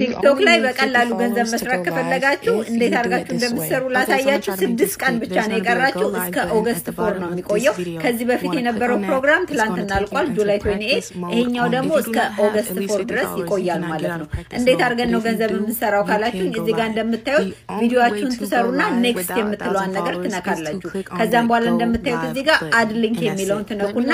ቲክቶክ ላይ በቀላሉ ገንዘብ መስራት ከፈለጋችሁ እንዴት አድርጋችሁ እንደምትሰሩ ላሳያችሁ። ስድስት ቀን ብቻ ነው የቀራችሁ። እስከ ኦገስት ፎር ነው የሚቆየው። ከዚህ በፊት የነበረው ፕሮግራም ትላንትና አልቋል፣ ጁላይ ትዌንቲ ኤይት። ይሄኛው ደግሞ እስከ ኦገስት ፎር ድረስ ይቆያል ማለት ነው። እንዴት አድርገን ነው ገንዘብ የምንሰራው ካላችሁ፣ እዚህ ጋር እንደምታዩት ቪዲዮችሁን ትሰሩና ኔክስት የምትለዋን ነገር ትነካላችሁ። ከዚያም በኋላ እንደምታዩት እዚህ ጋር አድ ሊንክ የሚለውን ትነኩና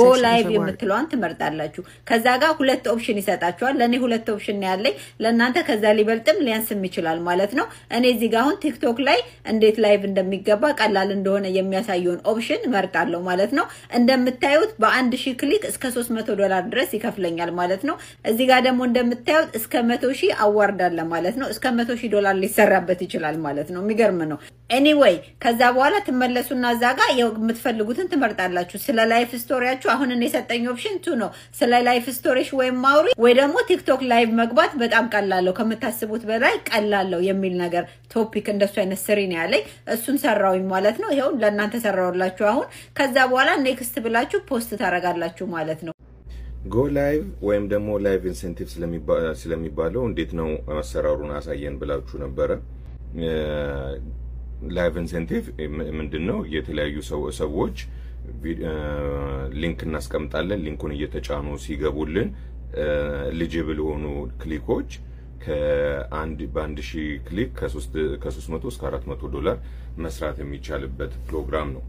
ጎ ላይቭ የምትለዋን ትመርጣላችሁ። ከዛ ጋር ሁለት ኦፕሽን ይሰጣችኋል። ለእኔ ሁለት ኦፕሽን ያለኝ ለእናንተ ከዛ ሊበልጥም ሊያንስም ይችላል ማለት ነው። እኔ እዚህ ጋር አሁን ቲክቶክ ላይ እንዴት ላይቭ እንደሚገባ ቀላል እንደሆነ የሚያሳየውን ኦፕሽን መርጣለሁ ማለት ነው። እንደምታዩት በአንድ ሺህ ክሊክ እስከ ሶስት መቶ ዶላር ድረስ ይከፍለኛል ማለት ነው። እዚህ ጋር ደግሞ እንደምታዩት እስከ መቶ ሺህ አዋርዳለ ማለት ነው። እስከ መቶ ሺህ ዶላር ሊሰራበት ይችላል ማለት ነው። የሚገርም ነው። ኤኒዌይ ከዛ በኋላ ትመለሱና እዛ ጋር የምትፈልጉትን ትመርጣላችሁ። ስለ ላይፍ ስቶሪያችሁ አሁን የሰጠኝ ኦፕሽን ቱ ነው። ስለ ላይፍ ስቶሪሽ ወይም ማውሪ ወይ ደግሞ ቲክቶክ ላይቭ መግባት በጣም ቀላለሁ ከምታስቡት በላይ ቀላለሁ የሚል ነገር ቶፒክ እንደሱ አይነት ስሪ ነው ያለኝ። እሱን ሰራውኝ ማለት ነው። ይኸውን ለእናንተ ሰራውላችሁ። አሁን ከዛ በኋላ ኔክስት ብላችሁ ፖስት ታደርጋላችሁ ማለት ነው። ጎ ላይቭ ወይም ደግሞ ላይቭ ኢንሴንቲቭ ስለሚባለው እንዴት ነው አሰራሩን አሳየን ብላችሁ ነበረ። ላይቭ ኢንሴንቲቭ ምንድን ነው? የተለያዩ ሰዎች ሊንክ እናስቀምጣለን። ሊንኩን እየተጫኑ ሲገቡልን ኤሊጂብል የሆኑ ክሊኮች በአንድ ሺህ ክሊክ ከ300 እስከ 400 ዶላር መስራት የሚቻልበት ፕሮግራም ነው።